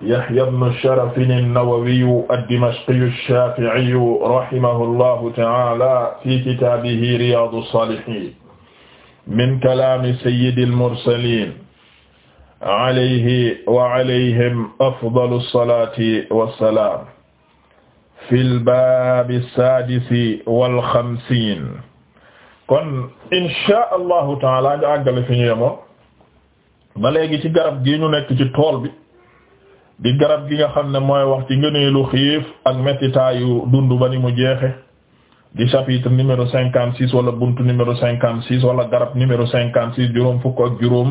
Yahya ibn Sharaf an-Nawawi ad-Dimashqi ash-Shafi'i rahimahullahu ta'ala fi kitabihi Riyadus Salihin min kalami sayyidil mursalin alayhi wa alayhim afdalus salati wassalam fil babi sadisi wal khamsin kon insha Allahu ta'ala ñu àggale fi ñu yemoon ba léegi ci garab gi ñu nekk ci tool bi di garab gi nga xam ne mooy wax ci ngëneelu xiif ak mettitaayu dund ba ni mu jeexe di chapitre numéro cinquante six wala buntu numéro cinquante six wala garab numéro cinquante juróom fukk ak juróom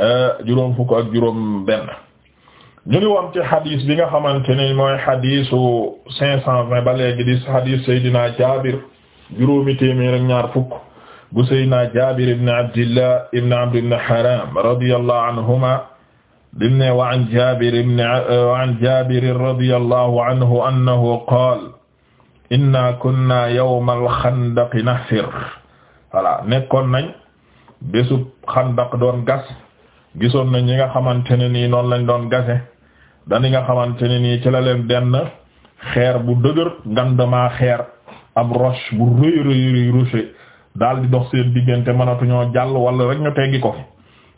euh, juróom fukk ak juróom benn bi nga xamante ne mooy xadisu cinq cent vingt ba léegi di xadis Seydina Jaabir juróomi téeméer ak ñaar fukk bu Seydina Jaabir ibn Abdillah ibn Amr ibn anhuma dim ne wa an Jaabir ibn wa an Jaabir radiyallahu anhu annahu qaala innaa kunnaa yawmal nekkoon nañ bésub xandaq doon gas gisoon nañ ñi nga xamante ne nii noonu lañ doon gase dañi nga xamante ne nii ci la leen benn xeer bu dëgër ngandamaa xeer ab roche bu rëy rëy rëy roche daal di dox seen diggante mënatuñoo jàll wala rek ñu teggi ko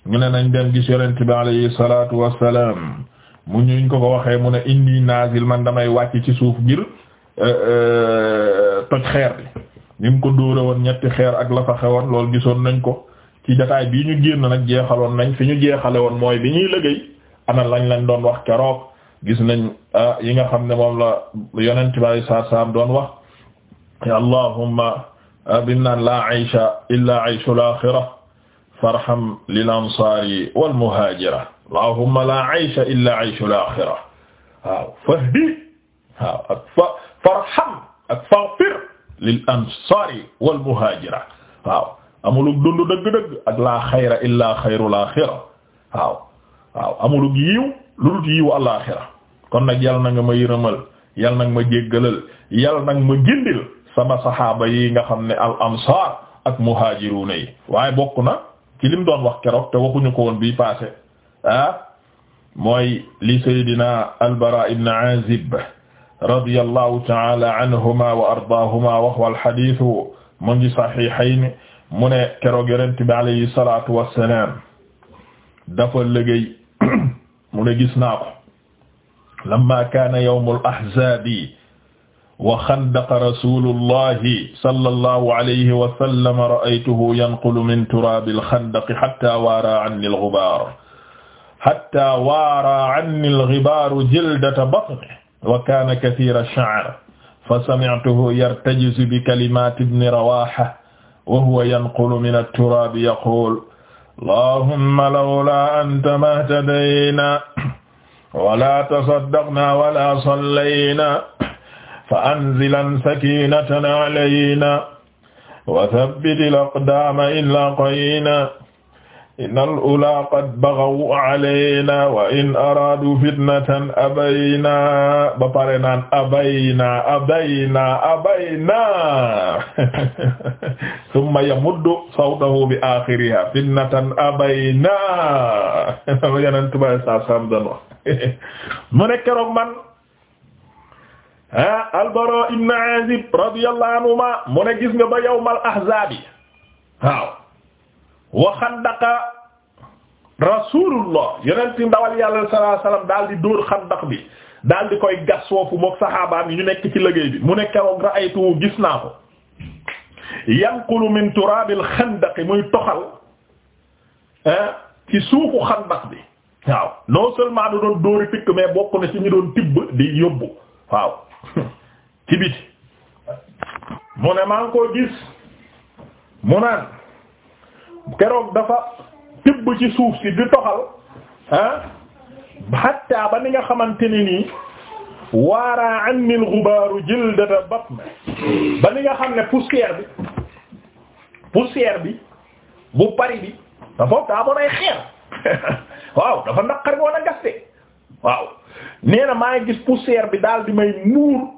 ñu ne nañ dem gis yonent bi alayhi salaatu wassalaam mu ñuñ ko ko waxee mu ne indi naazil man damay wàcc ci suuf ngir euh, euh, toj xeer bi ko dóore woon ñetti xeer ak la fa xewoon loolu gisoon nañ ko ci jotaay bii ñu génn nag jeexaloon nañ fi ñu jeexale woon mooy bi ñuy liggéey ana lañ lañ doon wax keroog gis nañ ah, yi nga xam ne moom la yonent bi alayhi salaatu doon wax allahumma ah, bim naan la aysha illa ayshul axira farham lil ansaari wal muhaajira allahumma laa aysha illaa ayshul aaxira waaw fahdi waaw ak fa farham ak faghfir lil ansaari wal muhaajira waaw amulug dundu dëgg-dëgg ak laa xayra illaa xayrul aaxira waaw waaw amulug yiiw lu dul yiiw alaaxira kon nag yal na nga ma yërëmal yal na nga ma jéggalal yal na nga ma gindil sama saxaaba yi nga xam ne al ansaar ak muhaajiruuna yi waaye bokk na. ci lim doon wax keroog te waxuñu ko woon bii passé ah mooy li saydina albara ibn azib radiyallahu taala anhuma wa ardaahuma wa huwa alhadith mu ngi sahihayn mu ne keroog yonent bi alayhi salatu wassalam dafa liggéey mu ne gis naa ko lamma kaana yawmul ahzaabi wa xandaqa rasulullahi sallallahu alayhi wa sallam ra'aytuhu yanqulu min turaabil xandaqi hatta waara anni al-ghibaar hatta waara anni al-ghibaar jildata batnihi wa kaana kathiira ash-sha'r fasami'tuhu yartajizu bi kalimaati ibni Rawaaha wa huwa yanqulu mina at-turaabi yaquulu allahumma lawlaa anta mahtadaynaa wa laa tasaddaqnaa wa laa sallaynaa fa anzilan sakinatan alayna wa thabbit al-aqdama in laqayna inna al-ula qad baghaw alayna wa in aradu fitnatan abayna ba pare naan abayna abayna abayna thumma yamuddu sawtahu bi akhiriha fitnatan abayna ma ne keroog man ah Al-Bara ibn Azib radiyallahu anhuma mu ne gis nga ba yawmal ahzaabi waaw wa xandaqa rasulullah yonent ndawal yàlla sallallahu alayhi daal di dóor xandaq bi daal di koy gas foofu mook saxaabaam yi ñu nekk ci liggéey bi mu ne keroog ra'aytu gis naa ko yanqulu min turaabil xandaqi muy toxal ci suufu xandaq bi waaw non seulement da doon dóori pikk mais bokk na ci ñu doon tibb di yóbbu waaw ci biti mu ne maa ngi ko gis mu naan keroog dafa tibb ci suuf si di toxal ah hatta ba ni nga xamante ni nii waara anni al-ghubaaru jildata batn ba ni nga xam ne poussière bi poussière bi bu bari bi da foofu daa ay xeer waaw dafa naqari woon gaste waaw nee maa ngi gis poussière bi daal di may nuur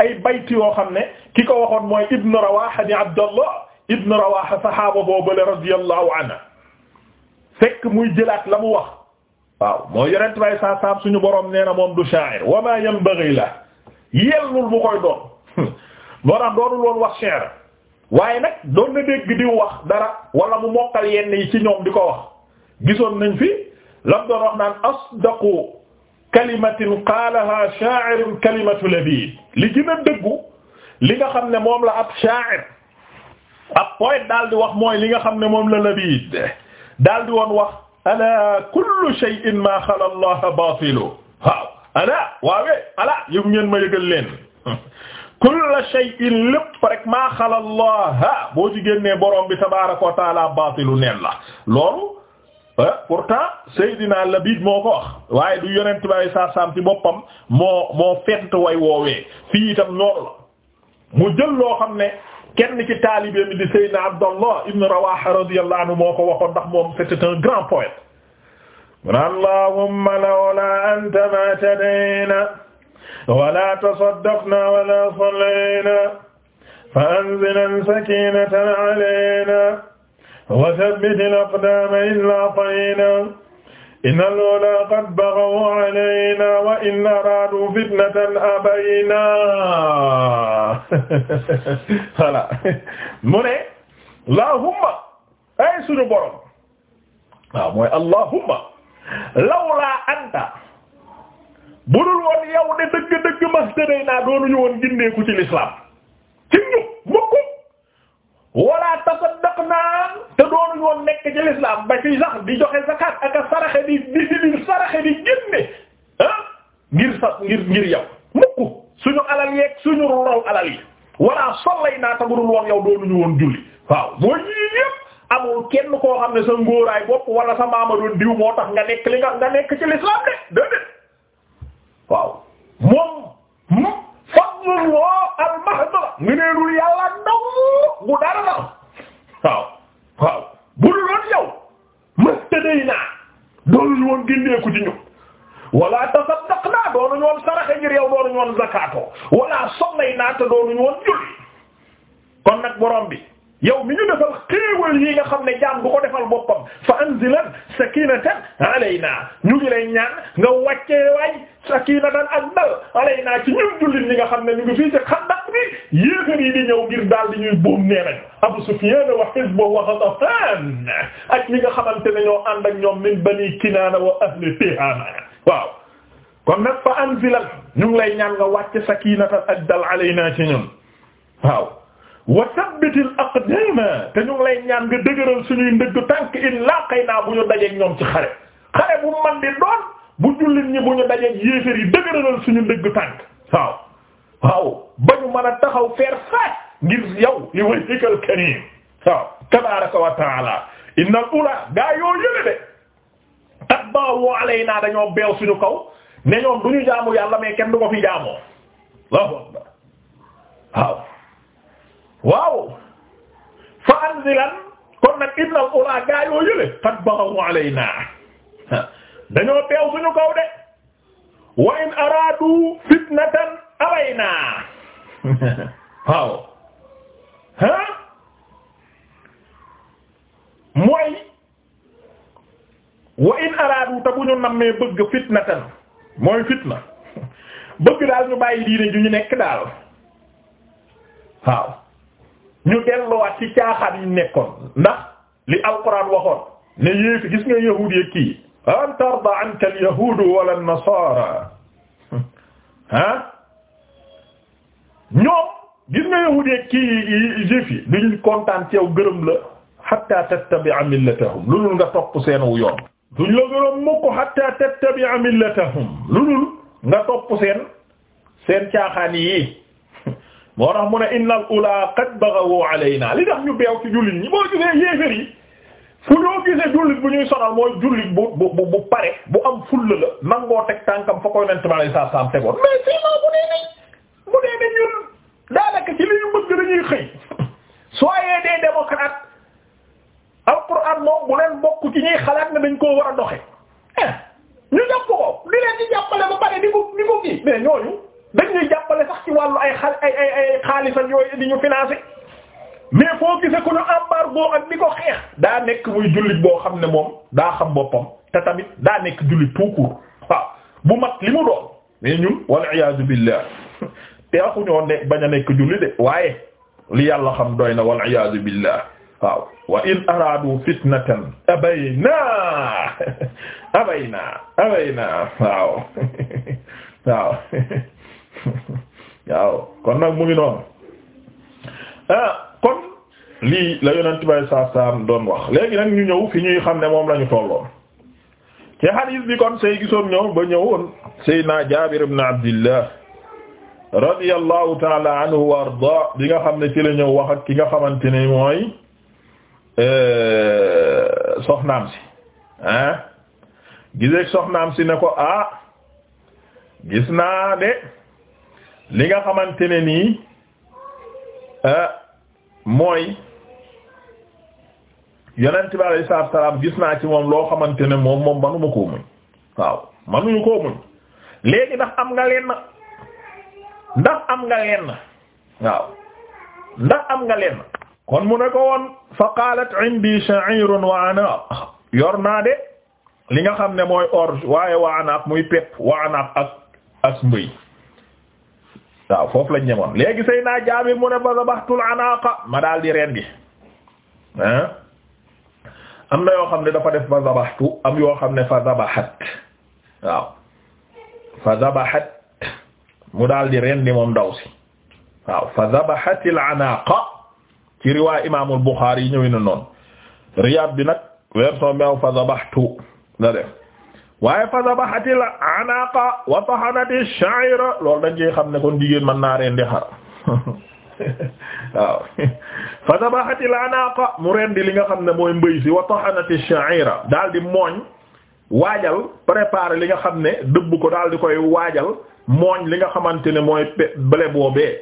ay bayt yoo xam ne ki ko waxoon mooy Ibn Rawaha di Abdallah Ibn Rawaha saxaaba boobale radiyallahu anhu fekk muy jëlaat la mu wax waaw moo yonent bay suñu borom nee moom du sha'ir wa ma la yellul bu koy doon wax sha'ir waaye nag doon na dégg di wax dara wala mu mokkal yenn yi ci ñoom di ko wax gisoon nañ fi lam doon wax naan asdaqu kalimatin qaalaha sha'irun kalimatu Labiid li gën a dëggu li nga xam ne moom la ab sha'ir ab poète daal di wax mooy li nga xam ne moom la Labiid daal di woon wax alaa kullu shay'in maa xalaa Allaha baatilu waaw alaa waawee alaa yëg ngeen ma yëgal leen kullu shay'in lépp rek maa xalaa Allaha boo ci génnee borom bi tabaaraka wa ta'aala baatilu neen la loolu pourtant Seydina Labid moo ko wax waaye du yonent bi saa saam ci boppam moo moo fent way woowee fii itam noonu la mu jël loo xam ne kenn ci taalibe mi di Seydina Abdallah ibn Rawaha radiyallahu anhu moo ko waxoon ndax moom c'était un grand poète mun allahumma lawla anta ma tadayna wala tasaddaqna wala sallayna fa anzil sakinatan alayna wa thabbit al-aqdama illa ta'ina inna al-ula qad baghaw alayna wa in aradu fitnatan abayna voilà mu ne lahumma ay suñu borom waaw ah, mooy allahumma lawla anta budul woon yow de dëgg-dëgg mas da day naa doonuñu woon gindeeku ci l'islam ci ñu wala tasaddaqnaa te doonuñu woon nekk ci l'islam ba ci sax di joxe zakat ak a saraxe di di di saraxe di génne ah ngir sa ngir ngir yow mukk suñu alal yeeg suñu raw alal yi wala sollay naa tagurul woon yow doonuñu woon julli waaw moo yii yépp amul kenn koo xam ne sa ngóoraay bokk wala sa maama doon diw moo tax nga nekk li nga nga nekk ci l'islam de déedéet waaw moom fadlullah al mahd ngëneelul yàlla dong bu dara la waaw waaw bu dul woon yow mahtadaynaa doonuñu woon gindeeku ci ñu wala tasaddaqnaa doonuñu woon saraxe ngir yow doonuñu woon zakaato wala te doonuñu woon julli kon nag borom bi yow mi ñu defal xéewal yi nga xam ne jaam du ko defal boppam fa anzilan sakinatan alaynaa ñu ngi lay ñaan nga wàcce waay sakinatan ak dal alaynaa ci ñun jullit ñi nga xam ne ñu ngi fii ci xandak bi yéefar yi di ñëw ngir daal di ñuy buum nee nañ Abu Sufyan wa hizbu wa Ghatafan ak ñi nga xamante ne ñoo ànd ak ñoom min bani Kinaana wa ahli Tihaama waaw kon nag fa anzilal ñu ngi lay ñaan nga wàcc sakinatan ak dal alaynaa ci ñun waaw wa sabbitil aqdama te ñu ngi lay ñaan nga dëgëral suñuy ndëgg tànk in laqaynaa bu ñu dajeek ñoom ci xare xare bu man di doon bu jullit ñi bu ñu dajeeg yéeféer yi dëgëralal suñu ndëgg tànk waaw waaw ba ñu mën a taxaw faire face ngir yow li wajhikal karim waaw tabaraka wa taala innal ula gaa yoo yële de tabbaawu alaynaa dañoo beew suñu kaw ne ñoom du ñu jaamu yàlla mais kenn du ko fi jaamoo waaw waaw fa anzilan kon nag innal ula gaa yoo yële tabbaawu alaynaa dañoo teew suñu kaw de wa in araadu fitnatan alayna waaw ah mooy wa araadu te bu ñu nammee bëgg fitnatan mooy fitna bëgg daal ñu bàyyi diine ju nekk daal waaw ñu delluwaat ci caaxaan yi nekkoon ndax li alquran waxoon ne yéefi gis nga yahuudi kii an tarda anka alyahudu wala nasaara ah ñoom gis nga yahudeeg kii yi duñu kontaan ci yow gërëm la hatta tattabi'a millatahum lu dul nga topp seen wu yoon duñ la gërëm mukk hatta tattabi'a millatahum lu dul nga topp seen seen caaxaan yi moo tax mu ne innal ula qad baghaw alayna li tax ñu beew ci jullit ñi boo gisee yéefar yi fu ñoo gisee jullit bu ñuy sonal mooy jullit bu bu bu pare bu am fulla la nangoo teg tànkam fa koy nent ma lay saa saam tegoon mais sinon bu dee nañ bu dee nañ daanaka ci li ñu bëgg dañuy xëy soyez des démocrates alquran moom bu leen bokk ci ñuy xalaat ne dañ koo war a doxe eh, ñu jàpp ko di leen di jàppale ba pare di ko di ko kii mais ñooñu dañ jàppale sax ci wàllu ay xal yooyu di ñu financer mais foo gisee ku ne embargo ak di ko xeex daa nekk muy jullit boo xam ne moom daa xam boppam te tamit daa nekk jullit tout court bu mat li mu doon mais ñun wal iyaadu billah te waxuñoo ne bañ a nekk jullit de waaye li yàlla xam doy na wal iyaadu billah waaw waaw kon nag mu ngi noonu ah. lii la yonent bay saa saam doon wax léegi nag ñu ñëw fi ñuy xam ne moom lañu ñu tolloon ci hadis bi kon say gisoon ñëw ba ñëwoon Seydina Jaabir ibn Abdillah radiyallahu taala anhu wa ardaa bi nga xam ne ci la ñëw wax ak ki nga xamante ne mooy euh, soxnaam si ah giseeg soxnaam si ne ko ah gis naa de li nga xamante ne nii euh, mooy yonent bi alayhi salaatu salaam gis naa ci moom loo xamante ne moom moom manuma koo muñ waaw manuñu léegi ndax am nga leen ndax am nga leen waaw am nga leen kon mu ne ko woon fa qaalat indi sha'irun wa anaq yor de li nga xam ne mooy orge waaye wa anaq muy pepp wa anaq ak as mbëy waaw foofu lañ ñemoon léegi say naa jaabir mu ne fa zabaxtul anaqa ma daal di rendi hein am na yoo xam ne dafa fa zabaxtu am yoo xam ne fa zabaxat waaw fa zabaxat mu daal di rendi moom ndaw si waaw fa anaaqa ci riwaay imaamul Buxaari yi ñëwee na noonu Riyaad bi nag version bi fa zabaxtu la def waaye anaaqa wa tahanati sha'ira loolu dañ ci xam ne kon jigéen mën naa rendi xar waaw fa dabaxatil anaqa mu rendi li nga xam ne mooy mbëy si wa tahanati sha'ira daal di mooñ waajal préparer li nga xam ne dëbb ko daal di koy waajal mooñ li nga xamante ne mooy ble boobee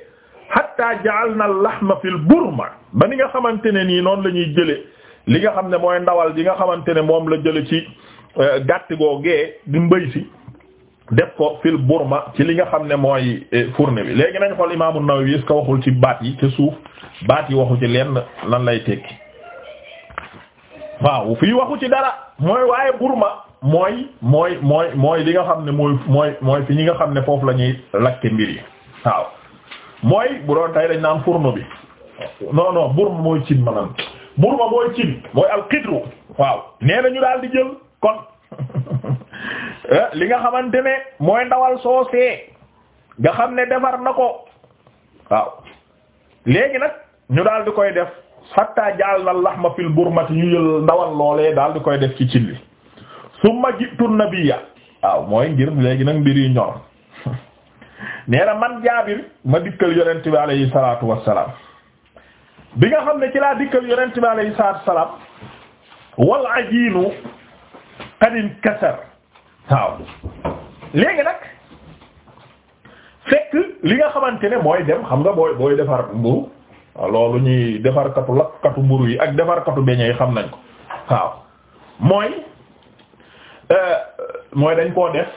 hatta ja'alna al-lahma fil burma ba ni nga xamante ne nii noonu la ñuy jële li nga xam ne mooy ndawal ji nga xamante ne moom la jële ci eh, gàtt googee di mbëy si def ko fil burma ci li nga xam ne mooy eh, fourne bi léegi nañ xool imaamu Nawawi est-ce que waxul ci baat yi ca suuf baat yi waxu ci lenn lan lay tekki waaw fii waxu ci dara mooy waaye burma mooy mooy mooy mooy li nga xam ne mooy mooy mooy fi ñi nga xam ne foofu la ñuy lakke mbir yi waaw mooy bu doon tey dañ naan fourne bi non non burma mooy cin maanaam burma mooy cin mooy al qidru waaw nee na ñu daal di jël kon Eh, li nga xamante ne mooy ndawal soosee nga xam ne defar na ko waaw léegi nag ñu daal di koy def hatta jaal na lahma fil burmati ñu yël ndawal loolee daal di koy def ci cin li summa jitu nabiyya waaw mooy ngir léegi nag mbir yi ñor na man jaabir ma dikkal yonent bi alayhi salaatu wassalaam bi nga xam ne ci laa dikkal yonent bi alayhi salaatu wassalaam wal ajiinu qad inkasar waaw léegi nag fekk li nga xamante ne mooy dem xam nga booy booy defar mburu loolu ñuy defarkatu katu lakkatu mburu yi ak defarkatu katu beñe xam nañ ko waaw mooy euh, mooy dañ koo def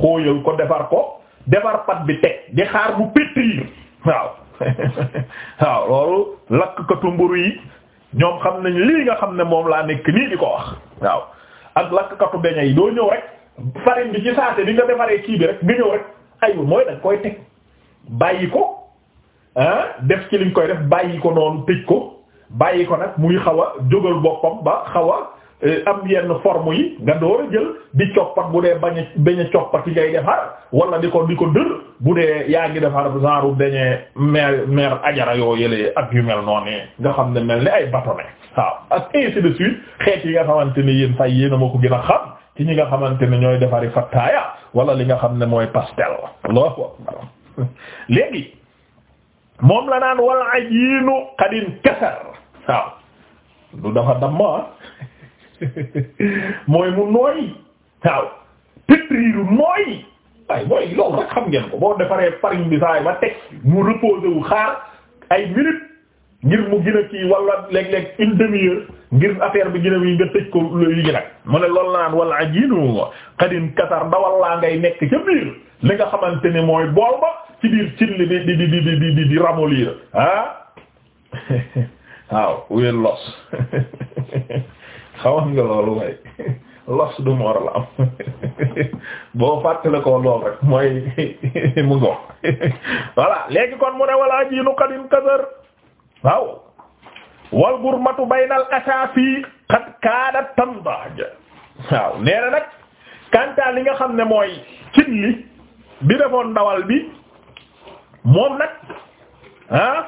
xóoyal ko defar ko defar pat bi teg di xaar bu pétrir waaw waaw loolu lakkatu mburu yi ñoom xam nañ lii nga xam ne moom laa nekk nii di ko wax waaw ak lakkatu beña yi doo ñëw rek farine bi ci saase bi nga defaree kii bi rek nga ñëw rek aywa mooy dañ koy teg bàyyi ko ah def ci liñ koy def bàyyi ko noonu tëj ko bàyyi ko nag muy xaw a jógal boppam ba xaw a Euh, am yenn forme yi nga door a jël di coppat bu dee bañ a bañ a coppat yi ngay defar wala di ko di dër bu dee yaa ngi defar genre dañee mère mère ajara yoo yëlee ak yu mel noonu nga xam ne mel ni ay bâtonnet waaw ak ainsi de suite xeet yi nga xamante ni yéen fay yéen ñi nga xamante ne ñooy defari fattaaya wala li nga xam ne mooy pastel Allahu akbar léegi moom la naan wal ajiinu qadin kasar waaw lu dafa damma ah. mooy mu nooy waaw pétriiru nooy waaye mooy loolu rek xam ngeen ko boo defaree farine bi saay ba teg mu reposé wu xaar ay minutes ngir mu gën a kii wala léeg-léeg une demi-heure ngir affaire bi gën a wi nga tëj ko lu nag mu ne loolu naan wala ajinu xadin katar da wallaa ngay nekk ca biir li nga xamante ne mooy bool ba ci biir cilli bi di di di di di di di ramollir ah waaw wéen los xawoon nga loolu way los du mor la am boo fàttale ko lool rek mooy mu ngo voilà léegi kon mu ne walaa ji nu qadin waaw wal gurmatu baynal asaafi qad kaadat tandaj waaw nee nag kanta li nga xam ne mooy cin li bi defoon ndawal bi moom nag ah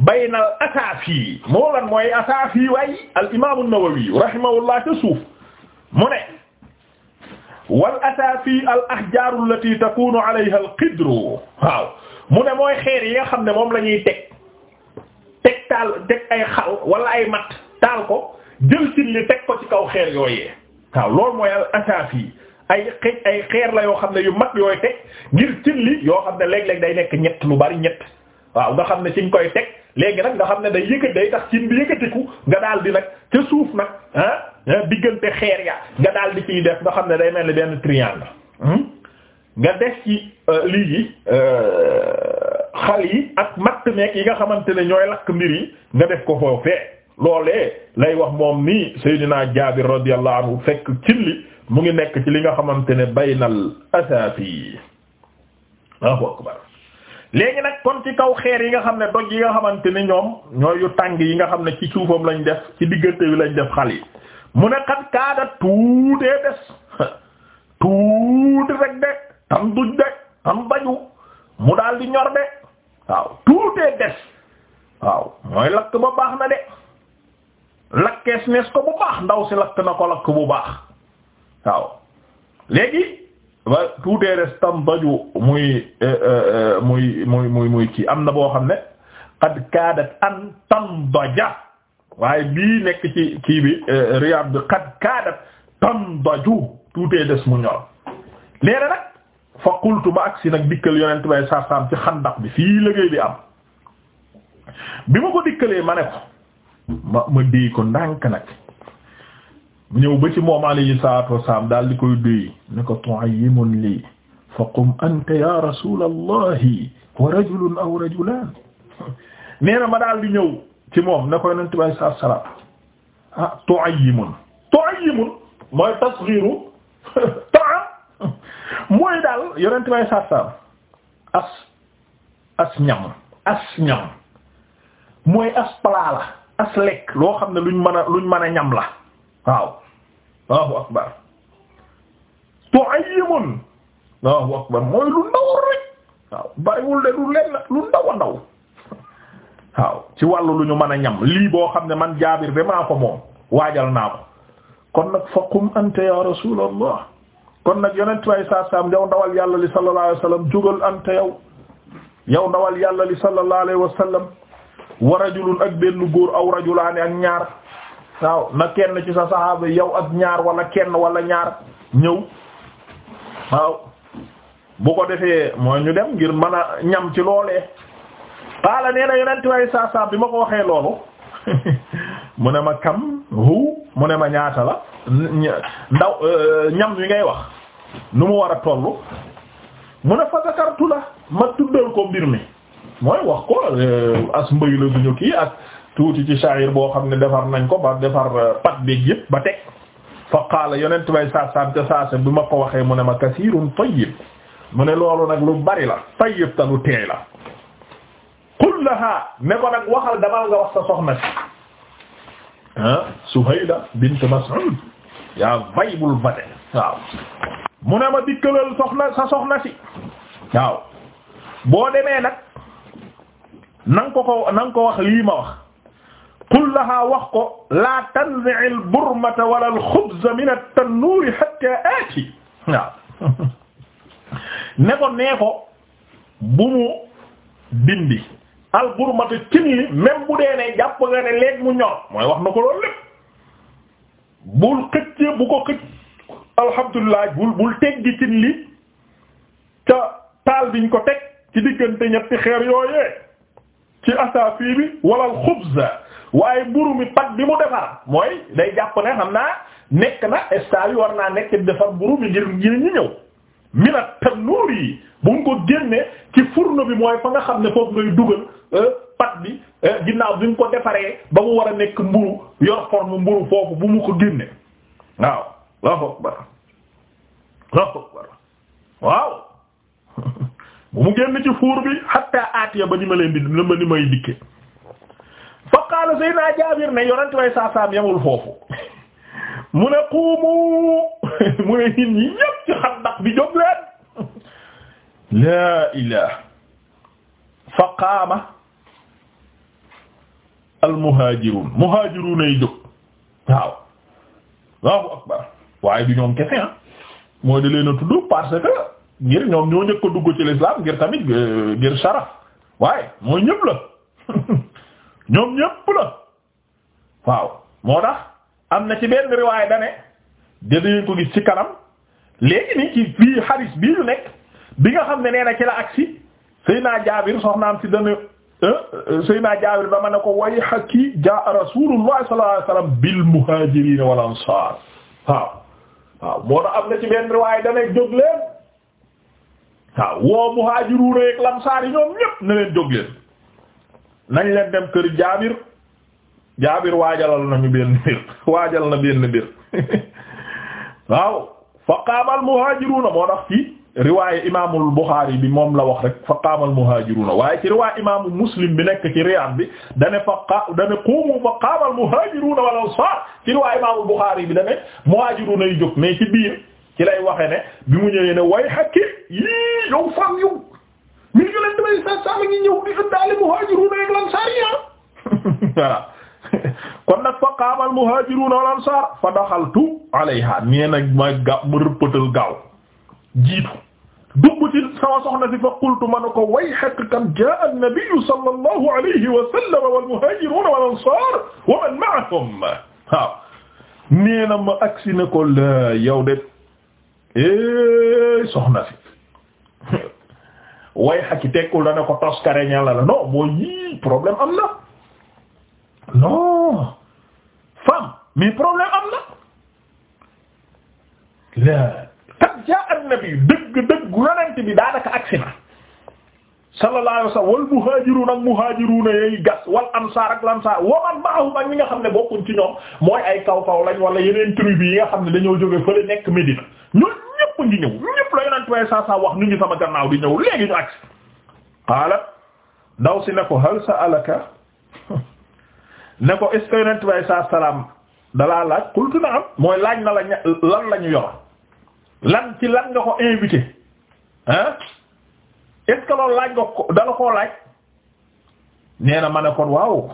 baynal asaafi moo lan mooy asaafi waay al imaam an mu ne wal asaafi al ahjaaru allati takunu alayha al waaw mu ne mooy xeer yi nga xam ne moom lañuy ñuy teg teg taal teg ay xal wala ay mat taal ko jël ci li teg ko ci kaw xeer yooyee waaw loolu mooy al ay xeej xeer la yoo xam ne yu mag yooyu teg ngir cin yoo xam ne léeg-léeg day nekk ñett lu bari ñett waaw nga xam ne ci koy teg léegi nag nga xam ne day yëkkat tax cin bi yëkkatiku nga daal nag ca suuf nag ah, ah, diggante xeer ya nga daal ciy def nga xam ne day mel ni benn triangle hmm? nga def ci euh, lii gi euh, xal yi ak matt meek yi nga xamante ne ñooy lakk mbir yi nga def ko foofee loolee lay wax moom nii Seydina Jaabir radiyallahu anhu fekk cin li mu ngi nekk ci li nga xamante ne baynal asaafi Allahu akbar léegi nag kon ci kaw xeer yi nga xam ne doj yi nga xamante ni ñoom ñooyu tàng yi nga xam ne ci suufam lañ def ci diggante bi lañu def xal yi mu ne xat kaada tuutee des tuuti rek de tam duj de tam baju mu daal di ñor de waaw tuutee des waaw mooy lakk ba baax na de lakkees nees ko bu baax ndaw si lakk na ko lakk bu baax waaw léegi wa tuutee des tam muy eh, eh, eh, muy muy muy muy kii am na boo xam ne qad kaadat an tandaja waaye bii nekk ci kii bi Riyad bi qad kaadat tandaju tuutee des mu ñor leena nag fa qultu ma agsi nag dikkal yonent bay sarsam ci xandax bi fii liggéey bi am bi ma ko dikkalee ma ne ko ma ma déy ko ndànk nag ñëw ba ci moom alayhi salaatu wasalaam daal di koy duy ne ko tu'ayyimun lii fa qum anta ya rasulallahi wa rajulun aw rajulan nee na ma daal di ñëw ci moom ne ko yonent bi saa salaam ah tu'ayyimun tu'ayyimun mooy tasghiru ta'am mooy daal yonent bi saa salaam as as ñam as ñam mooy as plat la as lekk loo xam ne luñ mën a luñ mën a ñam la waaw Allahu akbar tu'ayyimun Allahu akbar mooy lu ndaw rek waaw bariwul de lu leen lu ndaw ndaw waaw ci wàllu lu ñu mën a ñam lii boo xam ne man Jaabir ba maa ko moom waajal naa ko kon nag faqum anta ya rasulallah kon nag yonent way saa saam yow ndawal yàlla li sallallahu alayhi wa sallam jógal anta yow yow ndawal yàlla li sallallahu alayhi wa sallam wa rajulun ak benn góor aw rajulaani ak ñaar waaw na kenn ci sa saxaaba yow ak ñaar walla kenn walla ñaar ñëw waaw bu ko defee mooy ñu dem ngir mën a ñam ci loolee qaala nee na yonent saa saa bi ma ko waxee loolu mu ne ma kam hu mu ne ma ñaata la ndaw euh, ñam wi ngay wax nu mu war a tollu mu ne fa zakartu la ma tuddal ko mbir mi mooy wax ko euh, as mbëy la duñu kii ak tuuti ci sha'ir boo xam ne defar nañ ko ba defar euh, pat beeg yëpp ba teg fa qaala yonent bay saasaam ca saasa bi ma ko waxee mu ne ma kasiirun tayyib mu ne loolu nag lu bari la tayyib ta lu teey la la laha ne ko nag waxal damal nga wax sa soxna si ah Suhayla bint Mas'ud yaa vaybul vate waaw mu ne ma dikkalal soxna sa soxna si waaw boo demee nag nang ko ko nang ko wax lii ma wax qul lahaa wax ko la tanzi'i al-burmata wala al-xubza min at-tannuuri hattaa aati ne ko nee ko bu mu dindi al-burmata cin li même bu dee ne jàpp nga mu ñor mooy wax na ko loolu lépp bu ko xëcc alhamdulilah bul bul teggi cin ca taal ko teg ci diggante ñetti xeer yooyee ci asaafi wala al waaye mburu mi pat bi mu defar mooy day jàpp ne xam naa nekk na star yi war naa nekk defar mburu mi ngir ngir ñu ñëw minat tannuur yi bu nga ko génnee ci fourneau bi mooy fa nga xam ne foofu ngay dugal euh, pat bi euh, ginnaaw bi nga ko defaree ba mu war a nekk mburu yor forme mburu foofu bu mu ko génne waaw Allahu akbar Allahu akbar waaw bu mu génn ci four bi hatta aatiya ba ni ma leen di ba ni may dikke fa qaala Seydina Jaabir ne yonent way saasaam yamul foofu mu ne quumu mu ne nit ñi ñépp ci xandaq bi jóg leen laa ilaha fa qaama al muhaajiruun ay jóg waaw Allahu akbar waaye du ñoom kese ah mooy da leen a tudd parce que ngir ñoom ñoo njëkk a ci l'islam ngir tamit euh, ngir sharaf waaye mooy ñépp la ñoom ñépp la waaw moo tax am na ci benn riwaay da ne dinañ ko gis ci kanam léegi nii ci fii xaris bii ñu nekk bi nga xam ne nee na ci la agsi Seydina Jaabir soxnaam si dana Seydina Jaabir dama ne ko way hakki jaa Rasulullah sallallahu alayhi bil muhajirin wal ansar waaw moo tax am na ci benn riwaay da ne jóg leen waaw woo muhaajiruun ak lamsaar ñoom ñépp na leen jóg leen nañ leen dem kër jaabir jaabir waajalal nañu benn mbir waajal na benn mbir waaw fa qaamal muhaajiruuna moo tax ci riwaaye imaamul bi moom la wax rek fa qaamal muhaajiruuna waaye ci riwaaye imaamu Muslim bi nekk ci bi dane fa qa dane quumu fa qaamal muhaajiruuna wal ci riwaaye ci biir ci lay waxe ne bi mu ñëwee ne way hakki yii yow fam yow mais yonent bay sa sa ngi ñëw di ëndaale muhaajiruuna ak lansaar yi ah. voilà kon nag fa qaama al muhaajiruuna wal ansaar fa daxaltu alayha nee nag ma ga ma rëppatal gaaw jiitu dugg ci sama soxna si fa qultu ma ne ko way xekk kam jaa an nabiyyu sallallahu alayhi wa sallam wal muhaajiruuna wal ansaar wa man ma'ahum waaw nee na ma agsi ne ko la yow de eh, soxna si way xaki tekkul dana ko toskare ñal la non mooy yii problème am na non femme mais problème am na la qad jaa an-nabi dëgg dëgg yonent bi daanaka agsi na sallallahu alayhi wa sallam wal muhajirun ak muhajiruna yay gas wal ansaar ak lansaar wa man ma'ahum ak ñi nga xam ne bokkuñ ci ñoom mooy ay kaw kaw lañ wala yeneen tribu yi nga xam ne dañoo jóge fële nekk Medina ñépp ngi ñëw ñépp la yonent waaye saa saa wax ñu ngi sama gannaaw di ñëw léegi ñu agsi qaala ndaw si ne ko hal sa'alaka ne ko est-ce saa salaam dalaa laaj qultu na'am mooy laaj na la lan la ñu yor lan ci lan nga ko invité ah est-ce laaj nga ko dala koo laaj nee na ma ne kon waaw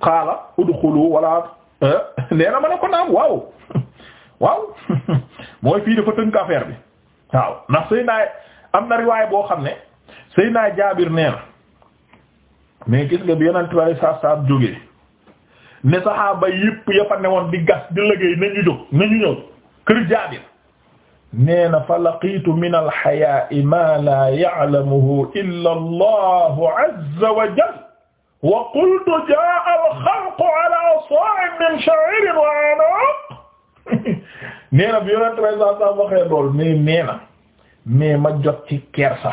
qaala udxulu wala nee na ma ne ko naam waaw waaw mooy fii dafa tënk bi waaw ndax Seydina am na riwaay boo xam ne Seydina Jaabir nee na mais gis nga bi Yonent bi alayhi salaatu salaam jógee ne saxaaba yépp ya fa newoon di gas di liggéey nañu jóg nañu ñëw fa laqiitu min al-hayaa'i maa laa ya'lamuhu illa Allahu azza wa jalla wa qultu jaa'a nee bi yonent bay saa saa waxee lool mais nee mais ma jot ci kersa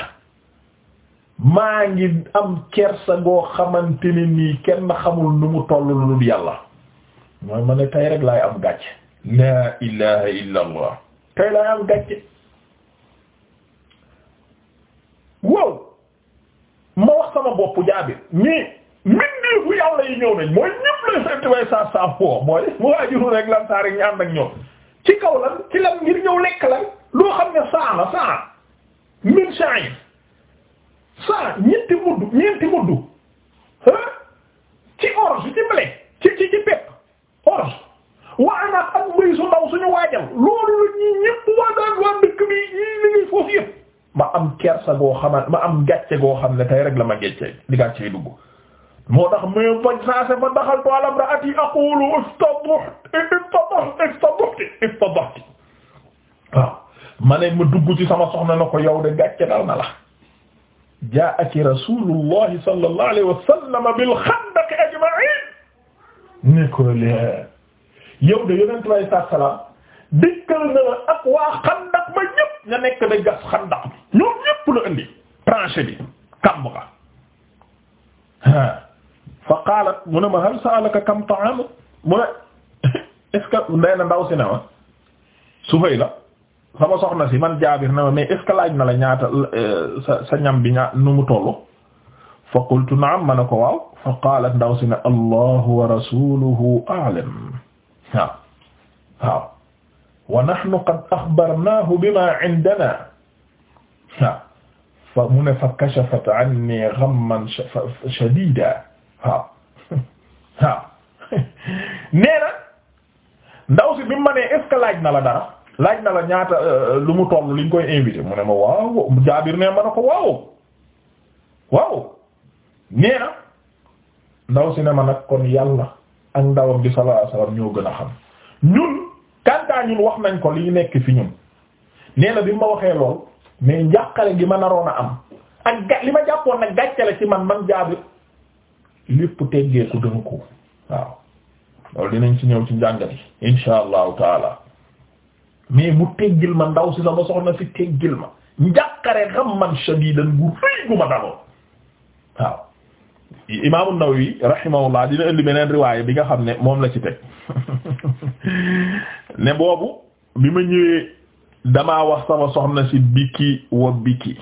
maa ngi am kersa goo xamante ne nii kenn xamul nu mu toll lu dul yàlla mooy ma ne tey rek laay am gàcce laa ilaha illa allah tey am gàcce wow ma wax sama bopp jaabir mais mbindeefu yàlla yi ñëw nañ mooy ñëpp la yonent bay saa saa foo mooy mu waajuru rek lan saa rek ñu ànd ci kaw lan ci lan ngir ñëw lekk lan loo xam ne saa la saa min saa mudd ñeenti mudd ah ci orge ci blé ci ci ci pepp orge waana ak mbay su ndaw suñu waajal loolu la ñuy waa daan waa dëkk bi ñii liggéey foofu yëpp ma am kersa goo xaman ma am gàcce goo xam ne tey rek la ma gàcce di gàcce dugg moo tax mais faj saa se fa daxal toilam ra at yi aqulu istadh istadh iftadahti waaw ma ne ma dugg ci sama soxna na ko yow de gàcce dal na la jaaki rasulullahi sallallahu alayhi wa sallam bil xandaq ajma'in ni ko lee yow de yonent lay sa salaam dikkal na la ak waa xandaq ba ñëpp ña nekk da gas xandaq bi ñoom ñëpp la indi tranchée bi kàmb ka fa qaalat mu ne ma hal sa'alaka kam ta'am mu ne est-ce que ndey na ndaw si ne ma Suhayla sama soxna si man Jaabir na ma mais est ce que laaj na la ñaata euh, sa sa ñam bi ñaa nu mu tollu fa qultu na'am ma ne ko waaw fa qaalat ndaw si ne allahu wa rasuluhu a'lam waaw waaw wa nahnu qad axbarnaahu bima indana waaw fa mu ne fa kashafat anni ghamman shadida waaw waaw nee na ndaw si bi ma nee est ce que laaj na la dara laaj na la ñaata euh, euh, lu mu toll liñ koy invité mu ne ma waaw jaabir ne ma a ko waaw waaw nee na ndaw si ne ma nag kon yàlla ak ndawam bi sallallahu alayhi ñoo gën a xam ñun kantaa ñun wax nañ ko li nekk fi ñun nee bi ma waxee lool mais njàqale gi ma naroon a am ak ga li ma jàppoon nag gàccale ci man man jaabir lépp teggeeku dënku waaw loolu dinañ ci ñëw ci njàngat yi insha allahu taala mais mu teggil ma ndaw si sama soxna si teggil ma njàqare xam man shadidan gu rëy gu ma daloo waaw imaamu Nawawi rahimahullah dina indi beneen riwaaya bi nga xam ne moom la ci teg ne boobu bi ma ñëwee damaa wax sama soxna si bikki wa bikki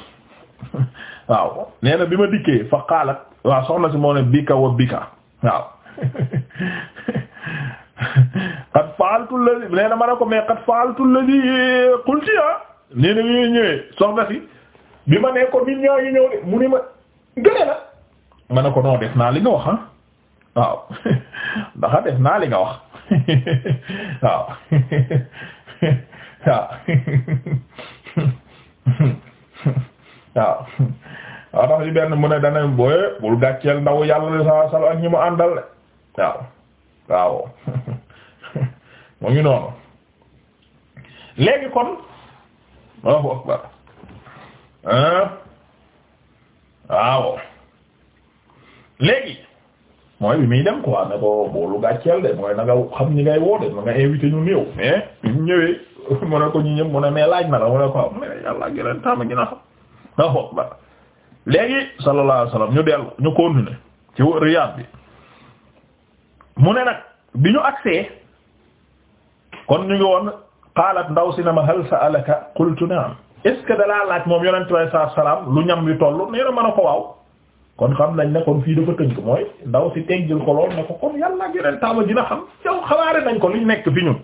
waaw nee bi ma dikkee fa qaalat waaw soxna si moo ne bika wa bika waaw qad fa'altu alladhi nee na ma ne ko mais qad fa'altu alladhi qulti ah nee na ñuy ñëwee soxna si bi ma ne ko nit ñaa ngi ñëw de mu ni ma gëne la ma ne ko non def naa li nga wax ah waaw ndaxa ah, def naa li nga wax waaw waaw waaw waaw tax ci benn mu ne dana booy bul gàcceel ndaw yàlla sallallahu alayhi ak ñi mu àndal de waaw waaw mu ngi noonu léegi kon Allahu akbar waaw léegi mooy bi muy dem quoi ne ko boolu gàcceel de mooy na nga xam ñi ngay woote na nga invité ñu néew mais bi mu ñëwee ne ko ñu ñëpp mu ne mais laaj na la mu ne ko mais yàlla gërëm taama gi na xam Allahu akbar léegi sallallahu alayhi wasallam ñu dellu ñu bi mu ne nag bi ñu agsee kon ñu ngi woon qaalat ndaw si na ma hal sa'alaka qultu na'am est ce que dalaa laaj moom yonent bi saa salaam lu ñam wi toll nee na mën a ko waaw kon xam nañ ne kon fii dafa tënk mooy ndaw si teggil ko lool ne ko kon yàlla ak yeneen dina xam yow xabaare nañ ko liñ nekk fi ñun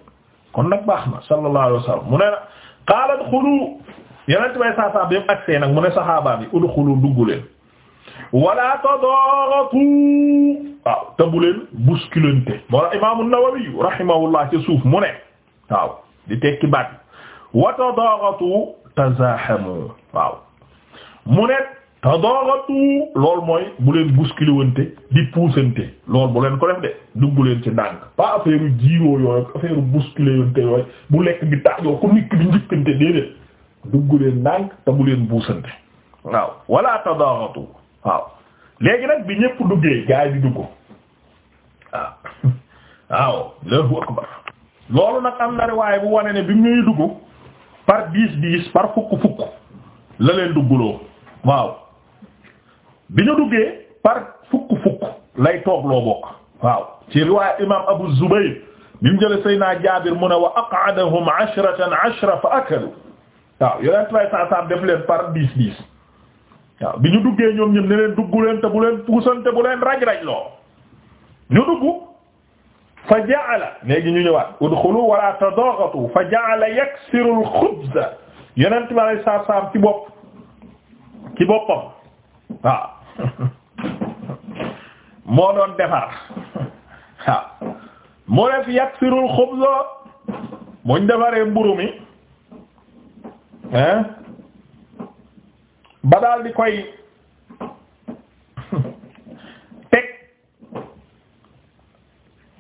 kon nag baax na sallallahu alayhi wa mu ne na qaalat xulu yonent bi saa saa bi yëpp agsee nag mu ne saxaabaa bi udxulu dugg leen wala tadaghatu waaw te bu leen bousculante moo suuf mu ne waaw di tekki baat wa tadaghatu tazahamu waaw mu ne tadaghatu loolu mooy bu leen bousculante di puusante lool bu leen ko def de dugg ci ndànk pas affaire u jiiroo yooyu affaire u bousculante yooyu gi taajoo ko nikk di njëkkante déedéet dugg leen ndànk te leen puusante waaw wala tadaghatu waaw léegi nag bi ñëpp duggee gaa yi dugg waaw waaw Allahu akbar loolu nag am na riwaay bu wone ne bi mu dugg par dix dix par fukk fukk la leen dugguloo waaw bi ñu duggee par fukk fukk lay toog loo bokk waaw ci riwaay imaam Abu Zubayr bi mu jëlee Seydina Jaabir mu ne wa aq'adahum ashratan ashra fa akalu waaw yonent lay saa saa def leen par dix dix waaw bi ñu duggee ñoom ñoom ne leen dugg leen te bu leen puusante bu leen raj-raj loo ñu dugg fa ja'ala léegi ñu ñëwaat udxulu wala tadaghatu fa ja'ala yaksiru al-khubza yonent bi alayhi ci bopp ci boppam moo doon defar waaw moo def yaksiru al-khubza muñ defaree mburu mi hein ba daal di koy teg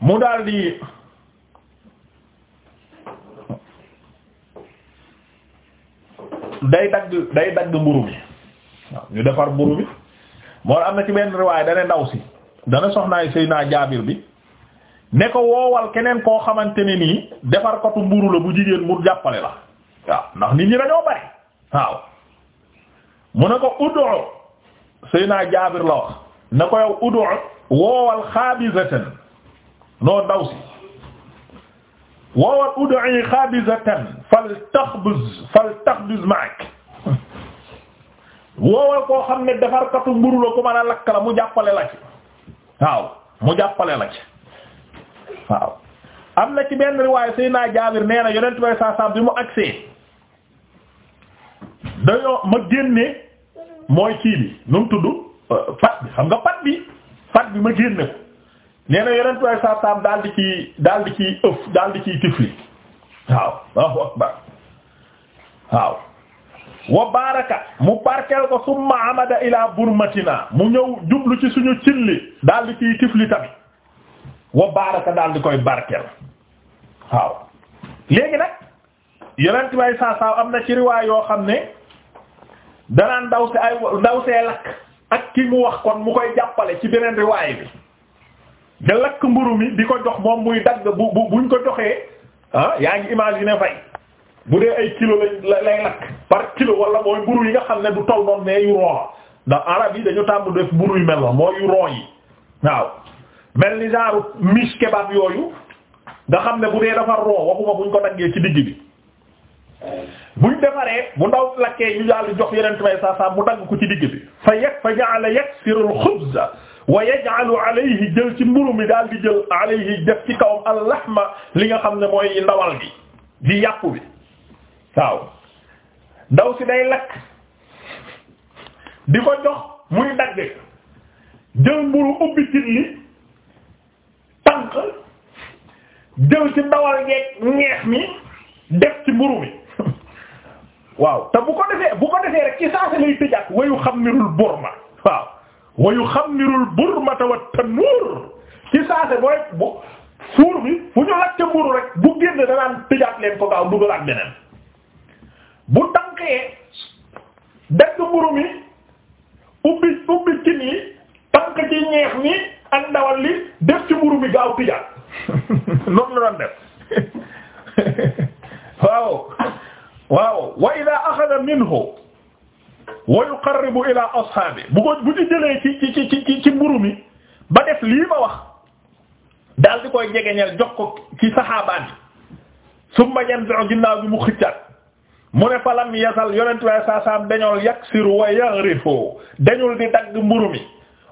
mu daal day dagg day dagg mburu mi waaw ñu defar mburu mi moo am na ci benn riwaay dana ndaw si dana soxnaay sëy naa jaabir bi ne ko woowal keneen koo xamante ne nii defar kotu mburu la bu jigéen mu jàppale la waaw ndax nit ñi dañoo bari waaw mu ne ko ud'u Seydina Jaabir la wax ne ko yow ud'u woowal xaabizatan noo ndaw si woowal ud'i xaabizatan faltaxbuz faltaxbuz ma'ak woowal koo xam ne defarkatu mburu la ko mën a lakkala mu jàppale la ci waaw mu jàppale la ci waaw am na ci benn riwaaya naa Jaabir nee na yonent bi saa saa bi mu agsee dañoo ma génne mooy kii bi nu mu tudd euh, fat bi xam nga fat bi fat bi ma génne ko nee na yeneen tuwaay saa daal di ciy daal di ciy ëf daal ciy tifli waaw Allahu akbar waaw wa baraka mu barkeel ko summa amada ila burmatina mu ñëw jublu ci suñu cilli daal di ciy tifli tamit wa baraka daal koy barkeel waaw léegi nag yeneen tuwaay saa am na ci riwaay yoo xam ne. danaan ndaw si ay ndaw see lakk ak ki mu wax kon mu koy jàppale ci beneen riwaay bi da lakk mburu mi di ko jox moom muy dagg bu bu buñ ko joxee ah yaa ngi imaginer fay bu dee ay kilo lañ lay lakk par kilo wala mooy mburu yi nga xam ne du toll noonu mais yu roo ndax arab yi dañu tàmm def mburu yu mel noonu mooy yu roo yi waaw mel ni genre miche kebab yooyu nga xam ne bu dee dafa roo waxuma buñ ko daggee ci digg bi. buñ defaree mu ndaw lakkee ñu daal jox yeneen tubay saa saa mu dagg ko ci digg bi fa yeg fa ja'ala yaksiru al-khubza wa yaj'alu alayhi jël ci mburu mi daal di jël alayhi def ci kawam al-lahma li nga xam ne mooy ndawal gi di yàpp bi waaw ndaw si day lakk di ko jox muy dagg jël mburu ubbi cin li tànk jël ci ndawal geeg mi def ci mburu mi waaw te bu ko defee bu ko defee rek ci saa si lay tëjaat wayu xammirul burma waaw wayu xammirul burma te wa tannuur ci saa si bu fuur bi fu ñu laajte mburu rek bu génn danaan tëjaat leen ko gaaw dugal ak beneen bu tànkee dagg mburu mi ubbi ubbi ci nii tànk ci ñeex mi ak ndawal li def ci mburu mi gaaw tëjaat noonu la daan def waaw waaw wa ida axada minhu wa yuqarribu ila ashaabi bu ko bu ci jëlee ci ci ci mburu mi ba def lii ma wax daal di koy jegeñeel jox ko ci saxaabaan yi summa yanzi'u ginnaaw bi mu xëccaat mu ne fa lam yasal yonent waaye saa saam dañool yaksiru wa yaghrifu dañul di dagg mburu mi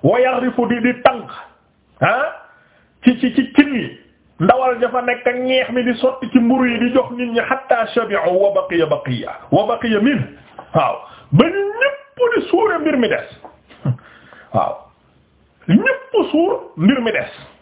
wa yaghrifu di di tànk ah ci ci ci cin yi ndawal dafa nekk ak ñeex mi di sotti ci mburu yi di jox nit ñi hatta shabi'u wa baqiya baqiya wa baqiya min waaw ba ñépp di suure mbir mi des suur mbir